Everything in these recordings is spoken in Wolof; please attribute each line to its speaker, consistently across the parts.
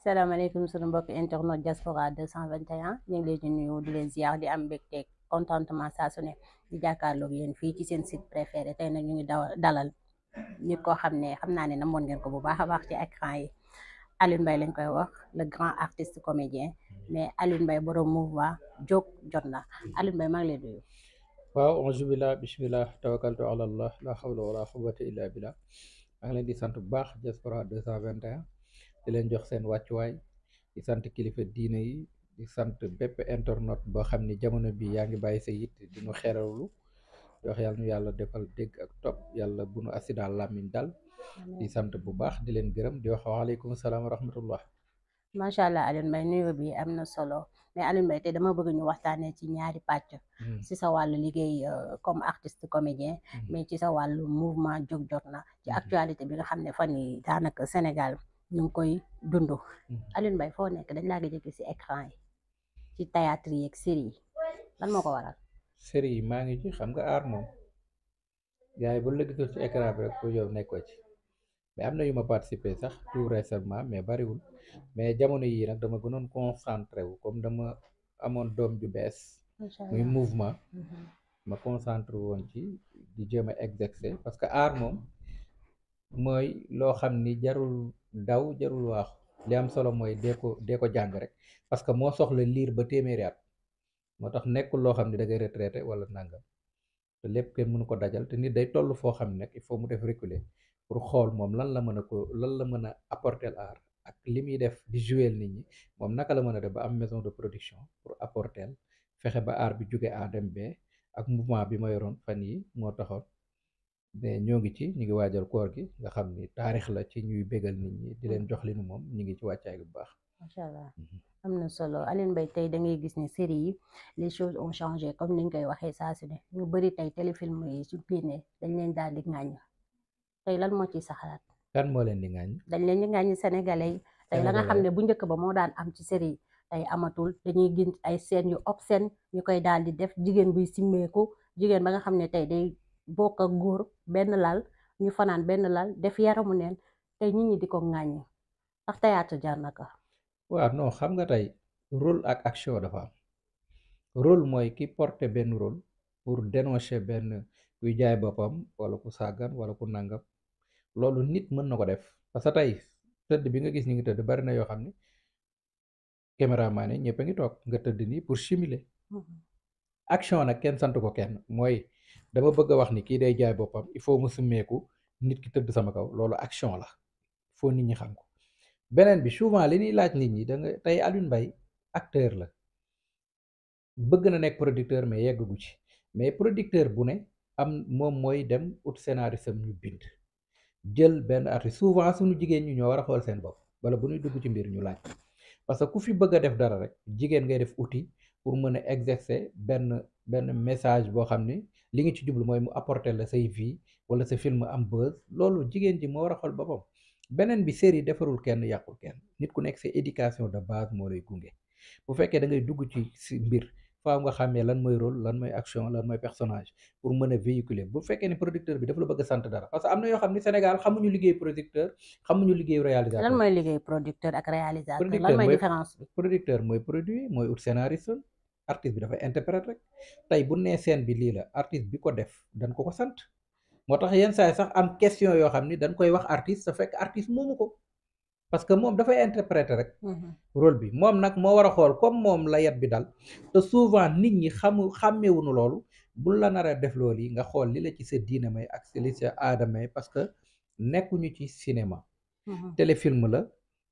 Speaker 1: salaamaaleykum sunu mbokk internet diaspora 221 ñu ngi leen di nuyu di leen ziar di am mbégte contentement sason su ne di jàkkaarloog yéen fii ci seen site préféré tey nag ñu ngi dalal nit koo xam ne xam naa ne namoon ngeen ko bu baax a baax ci écran yi Alioune Mbaye lañ koy wax le grand artiste comédien mais Alioune Mbaye borom mouvement jóg jot na Alioune Mbaye maa ngi lay nuyu.
Speaker 2: waaw auzu billah bismillah tawakkaltu leen bu baax di leen jox seen wàccuwaay di sant kilifa diine yi di sant bépp internet boo xam ni jamono bi yaa ngi bàyyi sa yitt di nu xerawlu jox yàlla nu yàlla defal dégg ak topp yàlla bu nu accident làmmiñ dal di sant bu baax di leen gërëm di wax waaleykum salaam wa rahmatullah
Speaker 1: macha allah Alioune Mbaye nuyoo bi am na solo mais Alioune Mbaye tey dama bëgg ñu waxtaanee ci ñaari pàcc. Hmm. ci sa wàllu liggéey euh, comme artiste comédien. Hmm. mais ci sa wàllu mouvement jóg jot na. ci hmm. actualité ñu ngi koy dund. Mhm. Alioune Mbaye foo nekk dañ laa gëj a gis si écran yi ci théâtre yi ak série
Speaker 2: yi maa ngi ci xam nga aar moom gars yi bu la gisul ci écran bi rek pour yow nekkoo ci mais am na yu ma participé sax tout récemment mais bariwul mais jamono yii nag dama gënoon concentré wu comme dama amoon doom ju bees. muy mouvement. Mhm. ma concentré woon ci di jéem a exercer parce que aar moom mooy loo xam ni jarul. daaw jarul waax li am solo mooy dee ko dee ko jàng rek parce que moo soxla liir ba téeméeri at moo tax nekkul loo xam ne da ngay retraité wala nangam te lépp kenn mënu ko dajal te nit day toll foo xam ne il faut mu def reculer pour xool moom lan la mën a ko lan la mën a apporter aar ak li muy def di jouer nit ñi moom naka la mën a def ba am maison de production pour apporter fexe ba aar bi jóge A dem ak mouvement bi ma yoroon fan nii moo taxoon mais ñoo ngi ci ñu ngi waajal koor gi nga xam ni taarix la ci ñuy bégal nit ñi di leen mm. jox li nu moom ñu ngi ci wàccaay bu baax
Speaker 1: macha allah mm-hmm. am na solo Alioune bay tey da ngay gis ne série yi les choses ont changé comme niñ koy waxee saa su ne ñu bëri tey téléfilm yi su génnee dañ leen daal di ŋàññ tey lan moo ci saxalaat
Speaker 2: kan moo leen di ŋàññ
Speaker 1: dañ leen di ŋàññ sénégalais yi tey la xam ne bu njëkk ba moo daan am ci série yi tey amatul dañuy gis ay scènes yu obscène ñu koy daal di def jigéen buy simmeeku jigéen ba nga xam ne tey day bokk ak góor benn laal ñu fanaan benn laal def yaramu neen te nit ñi di ko ŋàññi ndax théâtre jar na ko
Speaker 2: waaw non xam nga tey rôle ak action dafa am rôle mooy ki porté benn rôle pour dénoncer benn kuy jaay boppam wala ku sàggan wala ku nangam loolu nit mën na ko def parce que tey tëdd bi nga gis ñu ngi tëdd bari na yoo xam ni caméraman yi ñëpp ngi toog nga tëdd nii pour simuler mm-hmm. action nag kenn santu ko kenn mooy dama bëgg a wax ni kii day jaay boppam il faut ma summeeku nit ki tëdd sama kaw loolu action la foo nit ñi xam ko beneen bi souvent li nuy laaj nit ñi danga tey Alioune Mbaye acteur la bëgg na nekk producteur mais yeggagu ci mais producteur bu ne am moom mooy dem ut scénaristam ñu bind jël benn artiste souvent sunu jigéen ñi ñoo war a xool seen bopp wala bu ñuy dugg ci mbir ñu laaj parce que ku fi bëgg a def dara rek jigéen ngay def outil pour mën a exercer benn benn message boo xam ni li ngi ci jublu mooy mu apporter la say vie wala sa film am buzz loolu jigéen ji moo war a xool boppam beneen bi série defarul kenn yàqul kenn nit ku nekk sa éducation de base moo lay gunge bu fekkee da dugg ci si mbir faaw nga xàmmee lan mooy rôle lan mooy action lan mooy personnage pour mën a véhiculer bu fekkee ne producteur bi dafa la bëgg a sant dara parce que am na yoo xam ni Sénégal xamuñu liggéey producteur artiste bi dafay interprète rek tey bu nee scène bi lii la artiste bi ko def dañ ko ko sant moo tax yenn saay sax am question yoo xam ni dañ koy wax artiste sa fekk artiste moomu ko parce que moom dafay interpréter rek mhm. rôle bi moom nag moo war a xool comme moom la yat bi dal te souvent nit ñi xamu xàmmewuñu loolu bul la nar a def loolu yi nga xool li la ci sa diine may ak li sa aada may parce que nekkuñu ci cinéma mhm. téléfilm la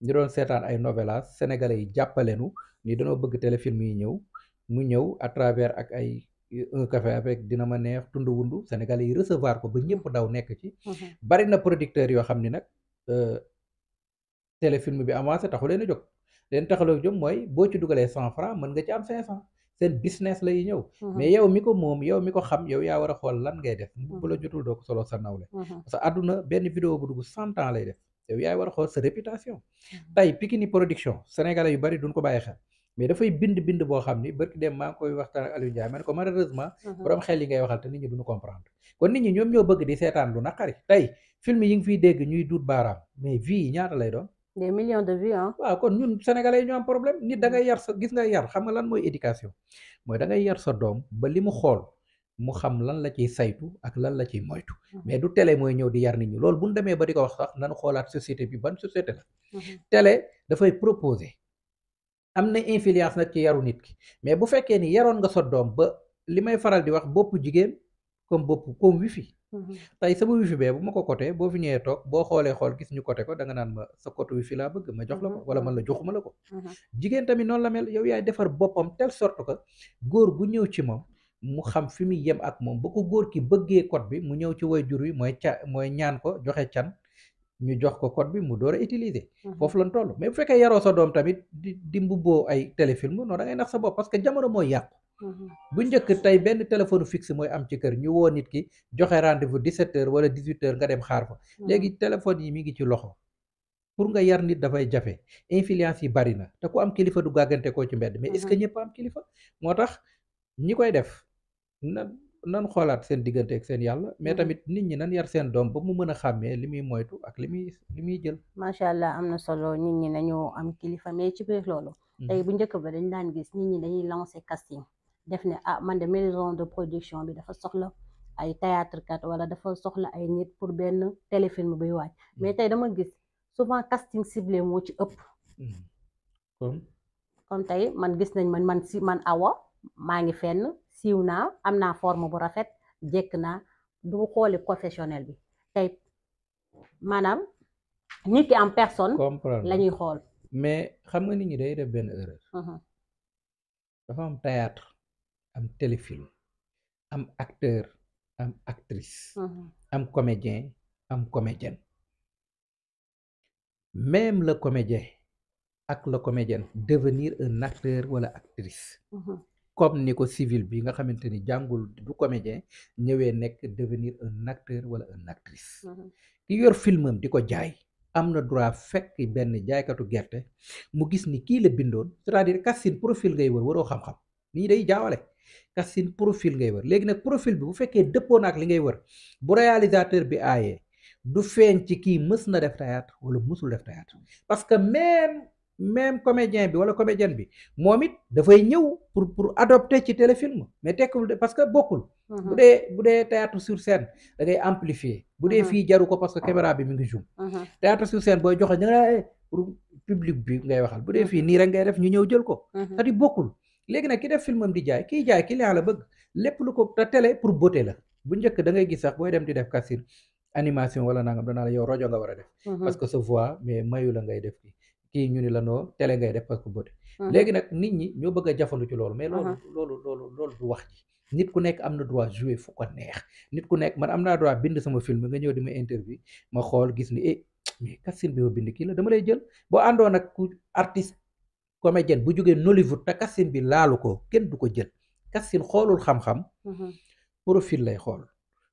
Speaker 2: ñu doon seetaan ay novelas sénégalais mu ñëw à travers ak ay un café avec dina ma neex tund wundu sénégalais yi recevoir ko ba ñëpp daw nekk ci mhm. bari na producteurs yoo xam ni nag euh, téléfilm bi avancé taxu leen a jóg leen taxaloo jóg mooy boo ci dugalee cent franc mën nga ci am cinq cent seen business lay ñëw mhm. mais yow mi ko moom yow mi ko xam yow yaa war xool lan ngay def bu la mhm. jotul doo ko solo sa nawle parce que àdduna benn vidéo bu dugg cent ans lay def yow yaay war a xool sa réputation tey yu bari duñ ko bàyyi mais dafay bind bind boo xam ni barki dem maa ngi koy waxtaan ak Aliou Ndiaye ma ne ko malheureusement uh-huh. borom xel yi ngay waxal te nit ñi duñu comprendre kon nit ñi ñoom ñoo bëgg di seetaan lu naqari tey film yi ngi fiy dégg ñuy duut baaraam mais vie yi ñaata lay doon des millions de kon ñun sénégalais yi ñoo am da ngay yar sa gis nga yar xam nga lan mooy éducation mooy da yar sa doom ba li mu xool mu xam lan la ciy saytu ak lan la ciy moytu. Uh-huh. mais du télé mooy ñëw di yar nit ñi loolu bu ñu demee ba di ko wax sax nañu xoolaat société bi ban société la. Uh-huh. télé dafay proposer am na influence nag ci yaru nit ki mais bu fekkee ni yaroon nga sa doom ba li may faral di wax bopp jigéen comme bopp comme wifi mm-hmm. tey sama wifi bee bu ma ko côté boo fi ñëwee toog boo xoolee xool gis ñu côté ko da nga naan ma sa côté wifi laa bëgg ma jox la ko mm-hmm. wala man la joxuma la ko mm-hmm. jigéen tamit noon la mel yow yaay defar boppam telle sorte que góor gu ñëw ci moom mu xam fi muy yem ak moom ba ko góor ki bëggee code bi mu ñëw ci way jur wi mooy ca mooy ñaan ko joxe can ñu jox ko code bi mu door a mhm. foofu lañ toll mais bu fekkee yaroo sa doom tamit di di mbubboo ay téléfilm non da ngay nax sa bopp parce que jamono mooy yàqu. Mhm. bu njëkk tey benn téléphone fixe mooy am ci kër ñu woo nit ki joxe rendez-vous 17 wala 18h nga dem xaar fa. Mhm. léegi téléphone yi mi ngi ci loxo. pour nga yar nit dafay jafe influence yi bari na te ku am kilifa du gàggante koo ci mbedd. mais est-ce que ñëpp am kilifa moo tax ñi koy def nan xoolaat seen diggante ak seen yàlla mais mhm. tamit nit ñi nan yar seen doom ba mu mën a xàmmee li muy moytu ak li muy
Speaker 1: li jël macha allah am na solo nit ñi nañu am kilifa mais ci biir loolu mhm. tey bu njëkk ba dañ daan gis nit ñi dañuy lancer casting def ne ah man de maison de production bi dafa soxla ay théâtre kat wala dafa soxla ay nit pour benn téléfilm buy waaj mhm. mais tey dama gis souvent casting ciblé moo ci ëpp comme tey man gis nañ man man si man awa maa ngi fenn siiw naa am naa forme bu rafet jekk na du xooli professionnel bi tey maanaam nit ki en personne. comprendre la xool.
Speaker 2: mais xam nga nit ñi day def benn erreur. Mm-hmm. dafa am théâtre am téléfilm am acteur am actrice. Mm-hmm. am comédien am comédienne. même le comédien ak la comédienne devenir un acteur wala actrice. Mm-hmm. comme ni ko civil bi nga xamante ni jàngul du comédien ñëwee nekk devenir un acteur wala une actrice mhm. ki yor filmam di ko jaay am na droit fekk benn jaaykatu gerte mu gis ni kii la bindoon c'est-à-dire kassin profil ngay wër waroo xam-xam nii day jaawale kassin profil ngay wër léegi nag profil bi bu fekkee dëppoo na ak li ngay wër bu réalisateur bi aayee du feeñ ci kii mës na def théâtre wala mësul def théâtre parce que même comédien bi wala comédienne bi moom it dafay ñëw pour pour adopter ci téléfilm mais tekkiwul parce que bokkul. Mhm. bu dee bu dee théâtre sur ngay amplifier. bu dee mhm. fii jaru ko parce que ah. caméra bi mu ngi zoom. Mhm. théâtre sur scène booy joxe da pour public bi ngay waxal bu dee fii nii rek ngay def ñu ñëw jël ko. c'est-à-dire bokkul léegi nag ki def filmam di jaay kiy jaay client la bëgg lépp lu ko te télé pour beauté la bu njëkk da ngay gis sax booy dem di def casting animation wala nangam danaa la yow rajo nga war a def. parce que sa voix mais mayu la ngay def. kii ñu ni la noo télé ngay def ak bët léegi nag nit ñi ñoo bëgg a jafandu ci loolu mais loolu loolu loolu loolu du wax ji nit ku nekk am na droit jouer fu ko neex nit ku nekk man am naa droit bind sama film nga ñëw di ma interview ma xool gis ni eh mais bi ma bind kii la dama lay jël boo àndoon ak ku artiste comédienne bu jógee Nollywood te casting bi laalu ko kenn du ko jël casting xoolul xam-xam profil lay xool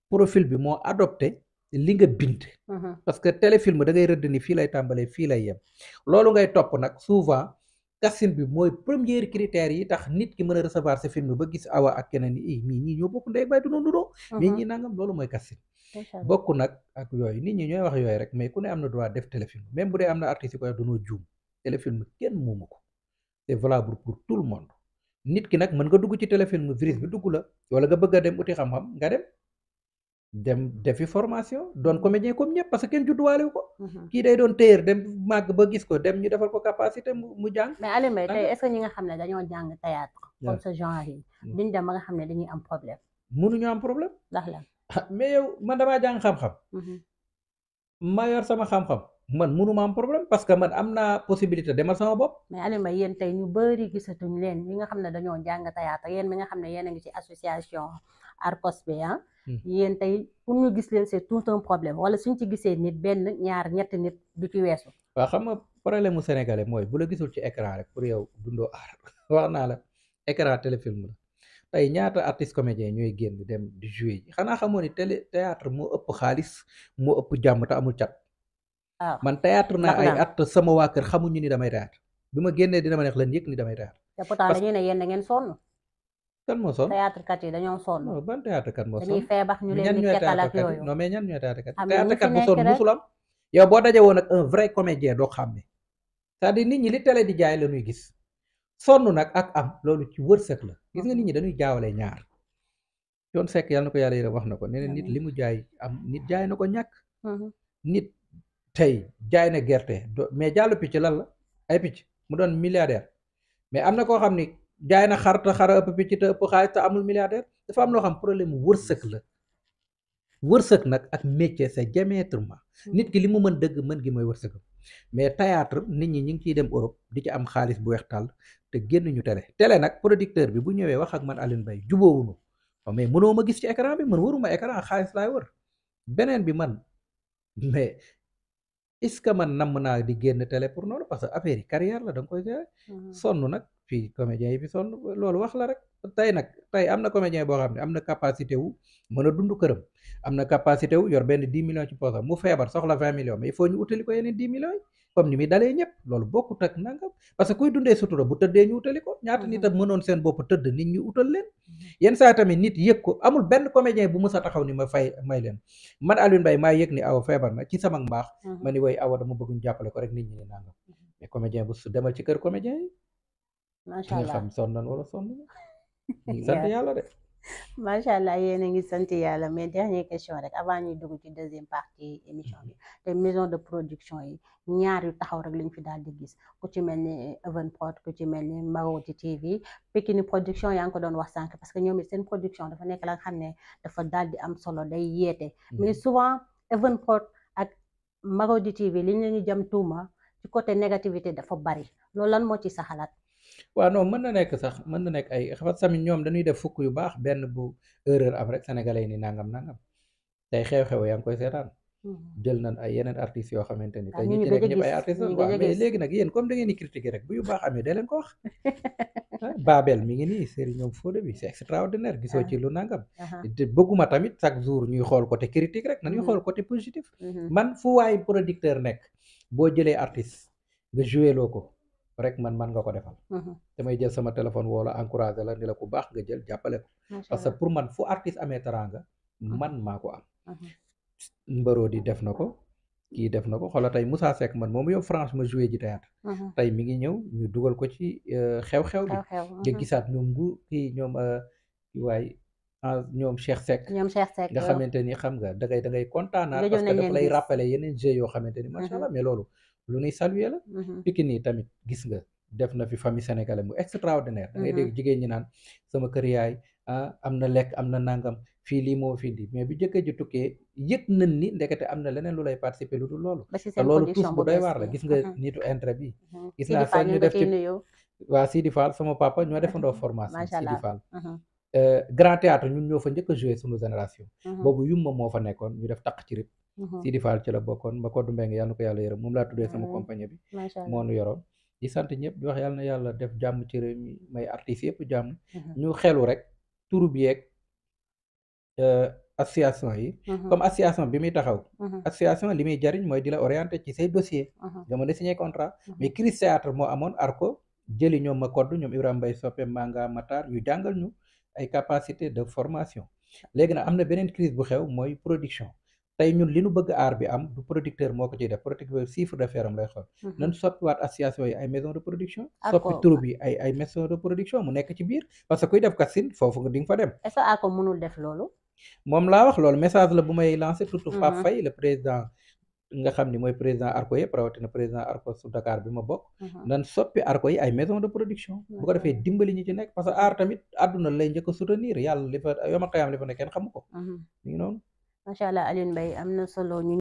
Speaker 2: profil bi moo adopté li nga bind. Uh-huh. parce que téléfilm da ngay rëdd ni fii lay tàmbalee fii lay yem. loolu ngay topp nag souvent casting bi mooy premier critère yi tax nit ki mën a recevoir sa film ba gis awa ak keneen i mii eh, ñii ñoo bokk ndey bay du noonu doo. mais uh-huh. ñii nangam loolu mooy casting. bokk nag ak yooyu nit ñi ñooy wax yooyu rek mais ku ne am na droit def téléfilm même bu dee am na artiste yi koy wax dañoo juum téléfilm kenn moomu ko c'est valable pour tout le monde nit ki nag mën nga dugg ci téléfilm virus bi dugg la wala nga bëgg a dem uti xam-xam nga dem defi formation doon comédien comme ñëpp parce que kenn judduwaalewu ko. Mhm. kii day doon téyër dem màgg ba gis ko dem ñu defal ko capacité mu
Speaker 1: jàng. mais Aliou Mbaye tey est-ce que ñi nga xam ne dañoo jàng théâtre comme ce genre yi. Mm. duñ dem ba nga xam ne dañuy am problème. mënuñu am problème. ndax la
Speaker 2: mais yow man damaa jàng xam-xam. Mhm. ma yor sama xam-xam. man mënuma am problème parce que man am naa possibilité demal sama bopp.
Speaker 1: mais Alioune Mbaye yéen tey ñu bëri gisatuñ leen ñi nga xam ne dañoo jàng théâtre yéen mi nga xam ne yéen a ngi ci association Arcos bi ah. Hmm. yéen tey pour ñu gis leen c'est tout un problème wala suñ ci gisee nit benn ñaar ñetti nit du ci weesu.
Speaker 2: waaw xam nga problème mu sénégalais mooy bu la gisul ci écran rek pour yow dundoo aar wax naa la écran téléfilm la tey ñaata artiste comédien ñooy génn dem di jouer xanaa xamoo ni télé théâtre moo ëpp xaalis moo ëpp jàmm amul cat. man théâtre naa ay at sama waa kër xamuñu ni damay théâtre bi ma génnee dina ma neex leen yëg ni damay théâtre
Speaker 1: te pourtant dañuy ne yéen da ngeen sonn kan moo sonn théâtre kat yi dañoo sonn
Speaker 2: ban théâtre kat moo sonn dañuy feebax ñu leen di kettal yow boo daje woon ak un vrai comédien doo xam ne cest à nit ñi li télé di jaay la ñuy gis sonn nag ak am loolu ci wërsëg la gis nga nit ñi dañuy jaawale ñaar yoon sekk yàlla na ko yàlla yërëm wax na ko nee na nit li mu jaay am nit jaay na ko ñàkk mm-hmm. nit tey jaay na gerte mais jàllu picc lan la ay picc mu doon milliardaire mais am na koo xam ni jaay na xar te xara ëpp picc te ëpp xaalis te amul milliardaire dafa am loo xam problème mu wërsëg la wërsëg nag ak métier c'est diamétralement nit ki li mu mën dëgg mën gi mooy wërsëgam mais théâtre nit ñi ñu ngi ciy dem Europe di ci am xaalis bu weex tàll te génnuñu télé télé nag producteur bi bu ñëwee wax ak man Alioune Mbaye jubóowuñu oh, mais mënoo ma gis ci écran bi man waruma écran xaalis laay wër beneen bi man mais est-ce que man namm naa di génn télé pour noonu parce que affaire yi carrière la da nga koy jaay. Mmh sonn nag yi fi sonn loolu wax la rek. tey nag tey am na comédien boo xam ne am na capacité wu mën a dund këram am na capacité wu yor benn 10 millions ci poosam mu feebar soxla 20 millions mais il ko yeneen 10 millions yi comme ni muy dalee ñëpp loolu bokkut ak nangam parce que kuy dundee sutura bu tëddee ñu utali ko ñaata nit a mhm. mënoon seen bopp tëdd nit ñu utal leen mhm. yenn saa tamit nit yëg ko amul benn comédien bu mës a taxaw ni ma fay may leen man Alioune Mbaye maa yëg ni aw feebar na ci sama mbaax mhm. ma ni way awa dama bëgg ñu jàppale ko rek nit ñi ne nangam mais comédien bu su demal ci kër comédien yi
Speaker 1: macha xam sonn nan wala sant allah yéen a ngi sant yàlla mais dernière question rek avant ñuy dugg ci deuxième partie émission bi te mhm. de production yi ñaar yu taxaw rek lañ fi daal di gis ku ci mel ni Evenprod ku ci mel ni Marodi TV Pikini production yaa ngi ko doon wax sànq parce que ñoom it seen production dafa nekk la nga xam ne dafa daal di am solo day yeete. Mhm. mais souvent Evenprod ak Marodi TV liñ la ñu jëm tuuma ci côté négativité dafa bari loolu lan moo ci sa xalaat
Speaker 2: waaw non mën na nekk sax mën na nekk ay xafat sami ñoom dañuy def fukk yu baax benn bu erreur am rek sénégalais yi ni nangam nangam te xew-xew yaa ngi koy seetaan hmm. jël nañ ay yeneen artistes yoo xamante ni ah, tey ñu ci léegi nag yéen comme da ngeen di critiquer rek yu baax amee dee leen ko ah, mi ngi nii Serigne ñoom foo bi c'est extraordinaire gisoo ah. ci lu nangam uh-huh. bëgguma tamit chaque jour ñuy xool côté critique rek nañuy mm-hmm. xool côté positif mm-hmm. man fu waay producteur nekk boo jëlee artiste nga joué loo ko rek man man nga ko defal mm-hmm. damay jël sama téléphone woo la la ni la ku baax nga jël jàppale ko parce que pour man fu artiste amee teraanga mm-hmm. man maa ko am mm-hmm. mbëroo di def na ko kii def na ko xoola tey Moussa Seck man moom yow France ma joué ji
Speaker 1: tey
Speaker 2: mi ngi ñëw ñu dugal ko ci euh, xew-xew bi nga gisaat ñoom ngu kii ñoom euh, waay ah, ñoom Cheikh Seck ñoom Cheikh Seck nga xamante ni xam nga da ngay da ngay kontaanaat parce que daf lay rappelé yeneen jeu yoo xamante ni macha allah mais loolu lu nuy saluer la mm-hmm. Pikine nii tamit gis nga def na fi famille sénégalais bu extraordinaire da ngay mm-hmm. jigéen ñi naan sama kër yaay ah, am na lekk am na nangam fii lii moo fi di mais bu jëkkee ji tukkee yëg na ni ndekete am na leneen lu lay participer lu dul loolu te loolu tous bu doy waar la gis nga mm-hmm. nitu intérêt bi gis naa seen ñu def ci waa Sidi Fall sama papa ñoo defandoo formation Sidi Fall euh, grand théâtre ñun ñoo fa njëkk a joué sunu génération boobu yumma moo fa nekkoon ñu def taq ci Mm-hmm. Sidi Fall ci la bokkoon ma koddu mbeng yàlla na ko yàlla yërëm moom laa tuddee sama mm-hmm. compagnie bi moo nu yoroon di sant ñëpp di yàlla na yàlla def jàmm ci réew mi may artistes yëpp jàmm mm-hmm. ñu xelu rek turu bi yeeg euh, association yi comme association bi muy taxaw association li muy jariñ mooy di la orienté ci say dossier nga mën a signé contrat mais crise théâtre moo amoon arko jëli ñoom ma koddu ñoom Ibrahima Mbaye Soppe Manga Matar ñu jàngal ñu ay capacité de formation léegi nag am na beneen crise bu xew mooy production tey ñun li nu bëgg aar bi am du producteur moo ko ciy def producteur chiffre d'affaires am lay xool mhm. nan soppi tur bi ay ay maison de production mu nekk ci biir parce que kuy def kassin foofu nga di nga fa dem est-ce que ako mhm. nga xam ni mooy président arco yëpp rawatina président arco ma bokk mhm. nan soppi arco yi ay maison de production bu ko defee dimbali ñi ci nekk parce que aar tamit àdduna lay njëkk a soutenir yoma xayaam li fa ne kenn xamu ko noonu
Speaker 1: macha allah Alioune Mbaye am na solo ñu